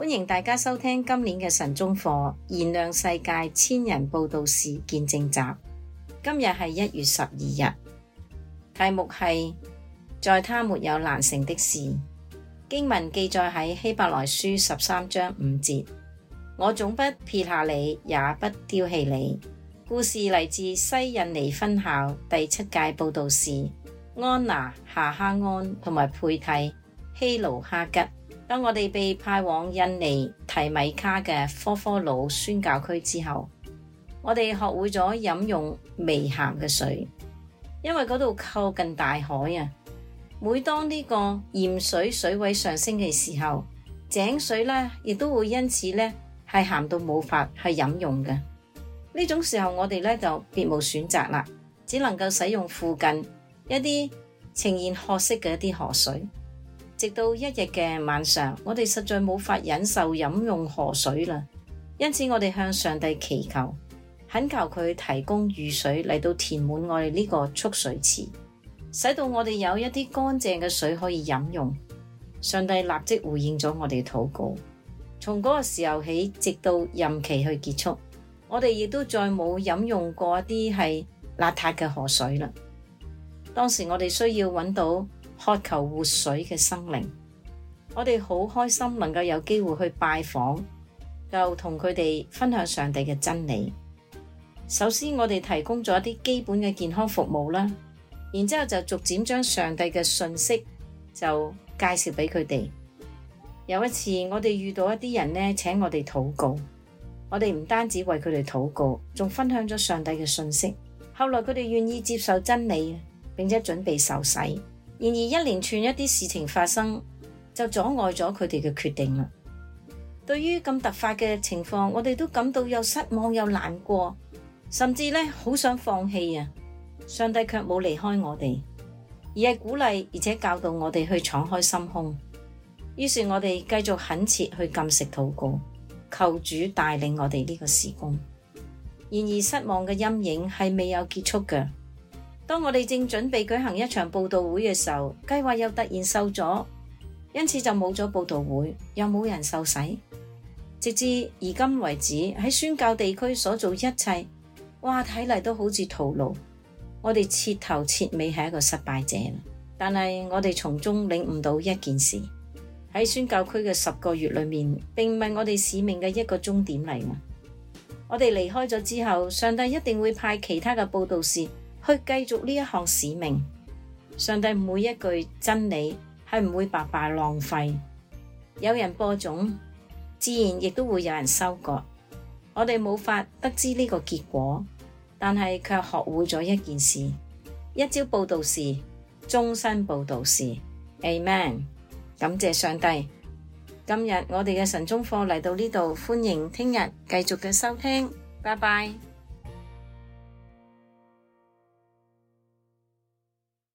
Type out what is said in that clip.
歡迎大家收聽今年嘅晨鐘課《燃亮世界千人佈道士見證集》。今日係一月十二日，題目係在祂沒有難成的事。經文記載喺希伯來書十三章五節：我總不撇下你，也不丟棄你。故事嚟自西印尼分校第七屆佈道士安娜夏哈安同埋配替希盧哈吉。當我哋被派往印尼提米卡嘅科科魯宣教區之後，我哋學會咗飲用微鹹嘅水，因為嗰度靠近大海啊。每當呢個鹽水水位上升嘅時候，井水呢亦都會因此呢係鹹到冇法去飲用的。呢種時候我哋呢就別無選擇了，只能夠使用附近一啲呈現褐色嘅一啲河水。直到一日嘅晚上，我哋實在冇法忍受飲用河水啦，因此我哋向上帝祈求，懇求佢提供雨水嚟到填滿我哋呢個蓄水池，使到我哋有一啲乾淨嘅水可以飲用。上帝立即回應咗我哋嘅禱告，從嗰個時候起，直到任期去結束，我哋亦都再冇飲用過一啲係邋遢嘅河水啦。當時我哋需要揾到，渴求活水嘅生靈，我哋好開心能夠有機會去拜訪，就同佢哋分享上帝嘅真理。首先，我哋提供咗一啲基本嘅健康服務啦，然之後就逐漸將上帝嘅信息就介紹俾佢哋。有一次，我哋遇到一啲人呢，請我哋禱告，我哋唔單止為佢哋禱告，仲分享咗上帝嘅信息。後來佢哋願意接受真理，並且準備受洗。然而一連串一啲事情發生，就阻礙咗佢哋嘅決定啦。對於咁突發嘅情況，我哋都感到又失望又難過，甚至咧好想放棄啊！上帝卻冇離開我哋，而係鼓勵而且教導我哋去敞開心胸。於是我哋繼續懇切去禁食禱告，求主帶領我哋呢個時空。然而失望嘅陰影係未有結束嘅。當我哋正準備舉行一場佈道會嘅時候，計劃又突然受阻，因此就冇咗佈道會，又冇人受洗。直至而今為止，喺宣教地區所做一切，哇，睇嚟都好似徒勞。我哋徹頭徹尾係一個失敗者。但係我哋從中領悟到一件事：喺宣教區嘅十個月裏面，並唔係我哋使命嘅一個終點嚟。我哋離開咗之後，上帝一定會派其他嘅佈道士。去繼續呢一項使命，上帝每一句真理係唔會白白浪費，有人播種，自然亦都會有人收割。我哋冇法得知呢個結果，但係卻學會咗一件事：一朝佈道士，終身佈道士。Amen，感謝上帝。今日我哋嘅晨鐘課嚟到呢度，歡迎聽日繼續嘅收聽。拜拜。